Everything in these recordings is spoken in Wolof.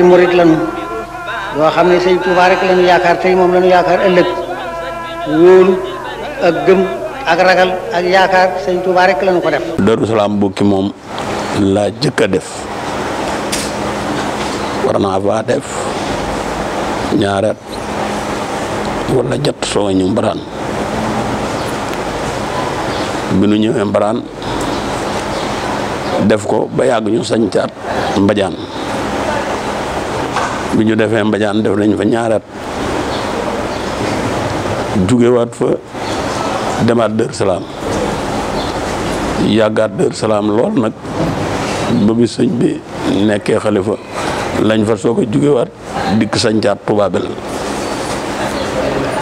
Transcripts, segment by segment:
ay murit yoo xam ne sëñ Tuubaa rek lañu yaakaar tey moom lañu yaakaar ëllëg wóolu ak gëm ak ragal ak yaakaar sëñ Tuubaa rek lañu ko def. Darou bukki moom laa jëkk a def war naa def ñaaret wala jot soo ñu mbaraan bi nu ñëwee mbaraan def ko ba yàgg ñu sañcaat mbajaan bi ñu defee mbajaan def nañ fa ñaarat jugewaat fa demaat Dër Salaam yàggaat Dër Salaam lool nag ba bi sëñ bi nekkee xalifa lañ fa soog a jugewaat dikk sañcaat Touba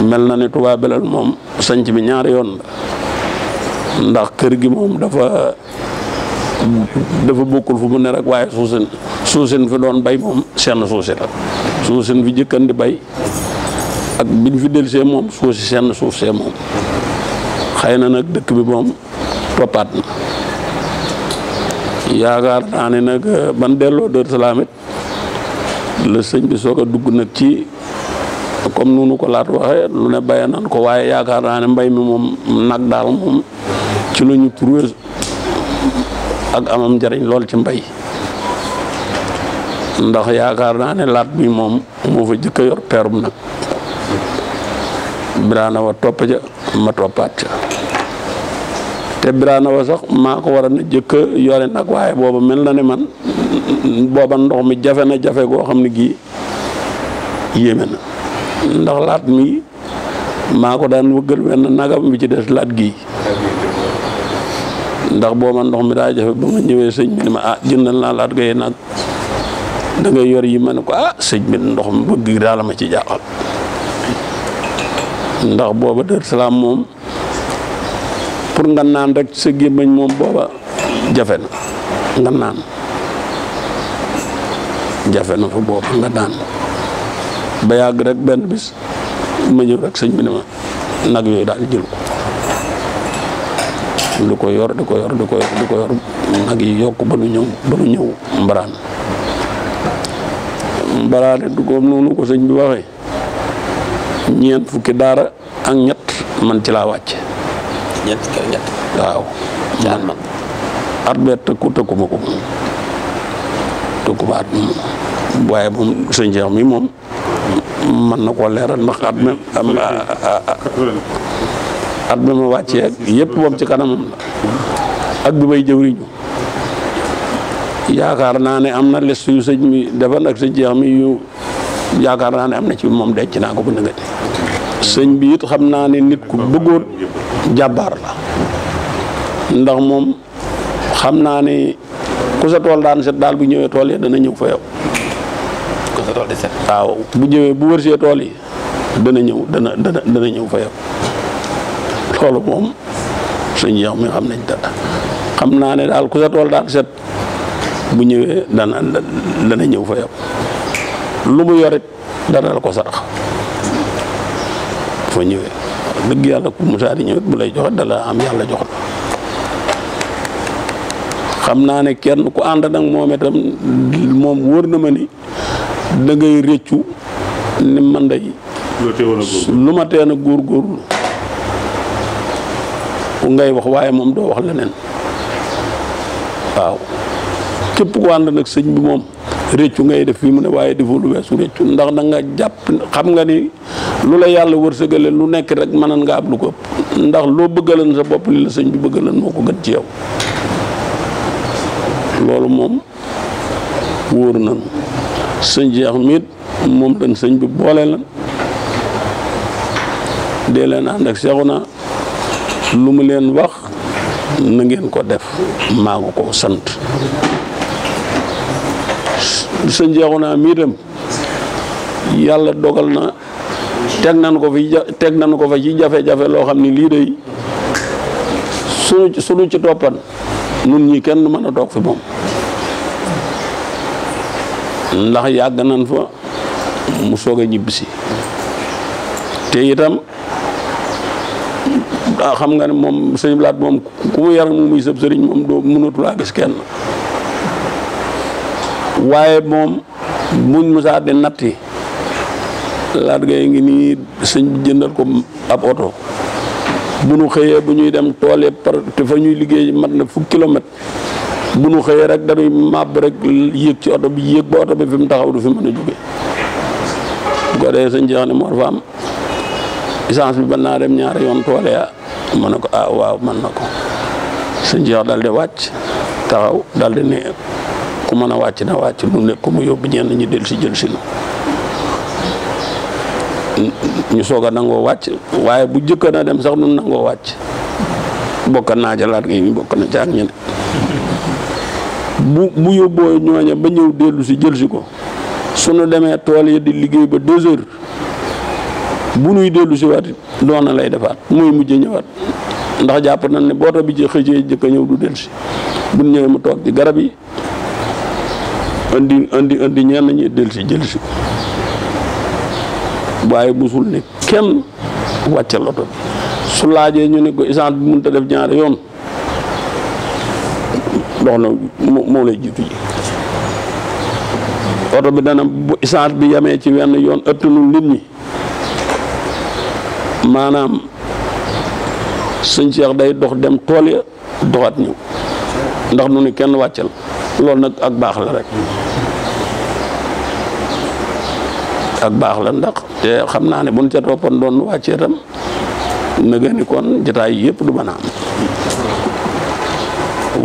mel na ne Touba moom sañc bi ñaari yoon la ndax kër gi moom dafa dafa bokkul fu mu ne rek waaye suusen suusen fi doon bay moom seen suuse la suusen fi jëkkan di bay ak biñ fi delsee moom suuf seen suuf see moom xëy na nag dëkk bi moom toppaat na yaakaar naa ne nag euh, ban delloo Daaru Salaam la sëñ bi soog a dugg nag ci comme nunu ko laat waxee lu ne baye nan ko waaye yaakaar naa ne mbay mi moom nag daal moom ci la ñu ak amam njariñ lol ci mbay ndax yaakar na ne lat bi mom mo fa jëkk yor perum nag biraana wa top ja ma topat ja te brana wa sax mako ko na a yore nag waaye mel na ne man booba ndox mi jafe na jafé go xamni gi yéme na ndax lat mi mako daan wëggal wén nagam bi ci dess lat gi ndax booba ndox mi daa jafe ba ma ñëwee sëñ bi ne ma ah jëndal naa laat gayee naag da yor yi ma ne ko ah sëñ bi ndox mi bëgg daal ma ci jaaxal ndax booba Darou Salaam moom pour nga naan rek sa gémmañ moom booba jafe na nga naan jafe na fa booba nga naan ba yàgg rek benn bis ma ñëw rek sëñ bi ma nag yooyu daal jël ko du ko yor du ko yor du ko yor du ko yor nag yi yokk ba nu ñew ba nu ñew mbaran mbaran du ko noonu ko señ bi waxe ñeent fukki dara ak ñet man ci la wacc ñet fukki ñet waaw jaan man arbet bee te ko moom tëkku ma at moom waaye mi mom man nako leral leeral me at bi ma wàccee ak moom ci kanamam la ak bi may jëwriñu yaakaar naa ne am na les yu sëñ mi defan ak sëñ mi yu naa ne am na ci moom denc naa ko bu nëgë sëñ bi it xam naa ne nit ku bëggoon jàbbaar la ndax moom xam naa ne ku sa tool daan set daal bu ñëwee tool yi dana ñëw fa yow. waaw bu jëwee bu wërsee tool yi dana ñëw dana dana dana ñëw fa yow. loolu moom suñ yox mi xam nañ dara xam naa ne daal ku sa daal set bu ñëwee dana ñëw fa yow lu mu yorit dana la ko sarax foo ñëwee dëgg yàlla ku musaa di bu lay joxe dala am yàlla jox xam naa ne kenn ku ànd nag moom itam moom wóor na ma ni da ngay rëccu ni man day lu ma teen a ngay wax waaye moom doo wax leneen waaw képp ku ànd nag sëñ bi moom réccu ngay def fii mu ne waaye defoo lu weesu réccu ndax da nga jàpp xam nga ni lu la yàlla wërsëgale lu nekk rek mënan nga ab lu ko ëpp ndax loo bëggalan sa bopp li la sëñ bi bëggalan moo ko gën ci yow loolu moom wóor nañ sëñ jeex miit moom dañ sëñ bi boole la dee leen ànd ak seexu naa lu mu leen wax na ngeen ko def maa ko sant sëñ Cheikhouna naa tam yàlla dogal na teg nan ko fi nan ko fa ci jafe-jafe loo xam ni lii day sunu sunu ci toppan nun ñi kenn mën a toog fi moom ndax yàgg nan fa mu soog a ñibbisi te itam xam nga mom serigne blad mom moom ku yar mom muy serigne mom do doo la gis kenn waye mom muñ musa de natti laat gay ngi ni serigne jëndal ko ab auto buñu nu xëyee dem toole par te fa ñuy liggéey mat na fu kilomètre buñu nu rek rek dañuy mab rek yéeg ci auto bi yéeg ba auto bi fim taxaw du fim mëna a jóge bu ko dee sëñ jeex fa am essence bi ban dem ñaar yoon toole ya manako ah waaw man na ko sëñ Cheikh di wàcc taxaw di ne ku meuna wacc na wacc lu ne ku mu yóbbu ñen ñi del si jël lu ñu soga nango wacc waye bu jëkk na dem sax nu nango wacc bokk na jalaat gi ñu bokk na jaar ñene bu bu yóbboo ñoña ba ñew delu si jël ci ko sunu demee tool yi di liggéey ba 2 heures bu nuy dellu si waat doona lay defaat mooy mujj ñëwaat ndax jàpp nañ ne boota bi ci xëccee jëkk a ñëw du dellu si bu ñëwee mu toog ci garab yi indi indi indi ñenn ñi dellu si jël si waaye musul ne kenn wàcce loto bi su laajee ñu ne ko essence bi mënut a def ñaari yoon dox na moo lay jiitu ji oto bi dana bu essence bi yamee ci wenn yoon ëttanul nit ñi. maanaam sëñ Cheikh day dox dem tool ya doxaat ñëw ndax nu ni kenn wàccel loolu nag ak baax la rek ak baax la ndax te xam naa ne bu ñu ca toppoon doon wàccee tam nëgë ni kon jotaay yëpp du mën a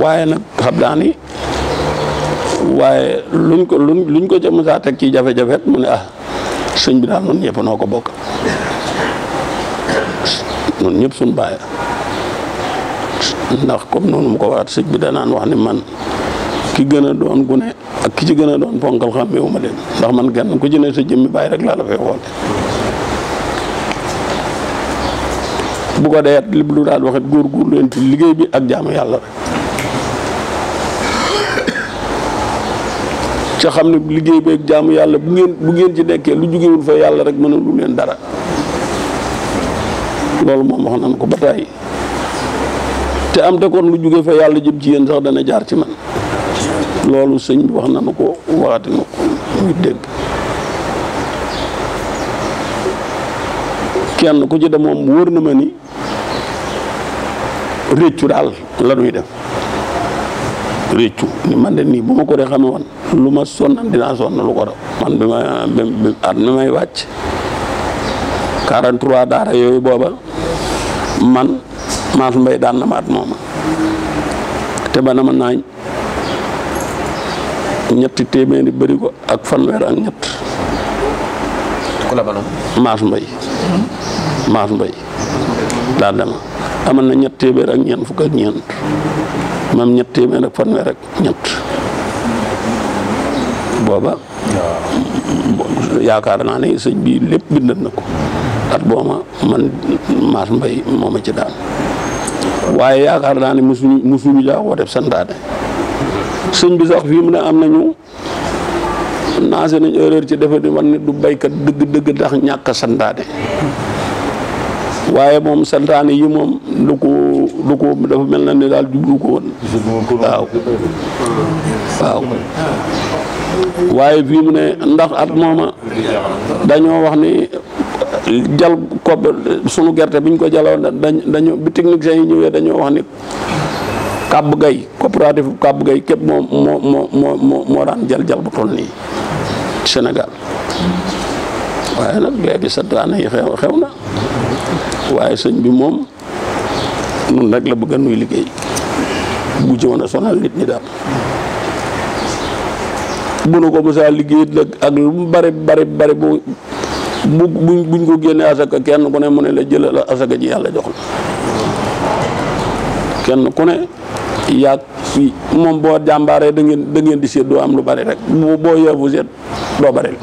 waaye nag xam naa ni waaye luñ ko luñ ko ca mësaa teg ci jafe-jafe mu ne ah sëñ bi daal noonu ñëpp noo ko bokk. noonu ñëpp suñ baay ndax comme noonu mu ko waxaat sëñ bi danaan wax ni man ki gën a doon gune ak ki ci gën a doon ponkal xàmmeewu ma ndax man kenn ku ci ne sa jëmmi baay rek laa la fay xool bu ko dee li lu daal waxit góor góor leen ci liggéey bi ak jaamu yàlla rek ca xam ne liggéey bi ak jaamu yàlla bu ngeen bu ngeen ci nekkee lu jugewul fa yàlla rek mëna lu leen dara loolu moom wax nañ ko ba tàyyi te am te kon lu jóge fa yàlla jëm ci yéen sax dana jaar ci man loolu sëñ bi wax nañu ko waxati na ko muy dégg kenn ku ci dem moom wóor na ma ni réccu daal la ñuy def réccu ni man de nii bu ma ko de xamee lu ma sonnan dinaa sonn lu ko daw man bi ma at may wàcc 43 daara yooyu booba man maas mbay daan na ma at mooma te ba na ma ñetti téeméeri bëri ko ak fanweer ak ñett. maas mbay. maas mbay daan na ma amoon na ñett téeméer ak ñeent fukk ak ñeent mam ñett téeméer ak fanweer ak ñett booba. yaakaar naa ne sëñ bi lépp bindat na ko. at boma man mas mbay moma ci daan waye yaakaar na ni musuñu musuñu jaa koo def santade sëñ bi sax fi mu ne am nañu naase nañ erreur ci defal di wan ne du baykat deug deug tax ñaka santade waye mom santane yi mom du ko du ko dafa melna ni dal daal ko won waaw waaw waaye bii mu ne ndax at mooma dañoo wax ni jal kob sunu gerte biñ ko jaloon dañ dañoo bi techniciens yi ñëwee dañoo wax ni kàbb gay coopérative kàbb gay képp moo moo moo moo moo daan jal jal bu toll nii Sénégal waaye nag léegi sataane yi xew na waaye sëñ bi moom nun rek la bëgg nuy liggéey bu jëmoon a sonal nit ñi daal bu nu ko mosaa liggéey nag ak lu mu bari bari bu bu buñ ko génnee asaka kenn ku ne mu ne la jëlal asaka ji yàlla jox la kenn ku ne yaag fii moom boo jàmbaaree dangeen ngeen di seet doo am lu bari rek boo boo yeewu seet doo bari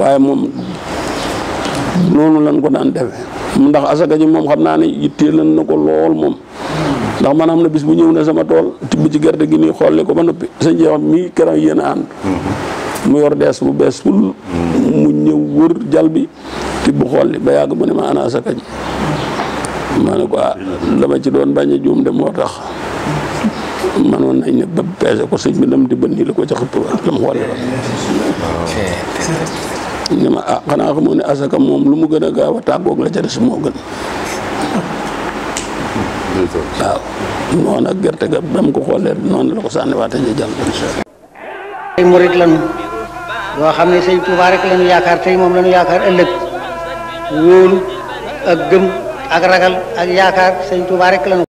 waaye moom noonu lan ko daan mu ndax asaka ji moom xam naa ne yittee lan na ko lool moom ndax man xam na bis mu ñëw na sama tool tibb ci gerte gi nii xool ko ba noppi sa njeexam mii keroog yéen a ànd mu yor dees bu bees ful mu ñëw wër jal bi tibb xool li ba yàgg mu ne ma ana sa ah, ci doon bañ a de moo tax manoon nañ ne ba la ko ca xool la ni xanaa xamoo ne asaka moom lu mu gën a gaaw a tàggoog la ca des moo gën waaw moo gerte ga ba mu ko xoolee noonu la ko sànniwaatee ñu jàll incha allah. ay murit lañu yoo xam ne sëñ Tuubaa rek lañu yaakaar tey moom lañu yaakaar ëllëg wóolu ak gëm ak ragal ak yaakaar sëñ Tuubaa rek lañu.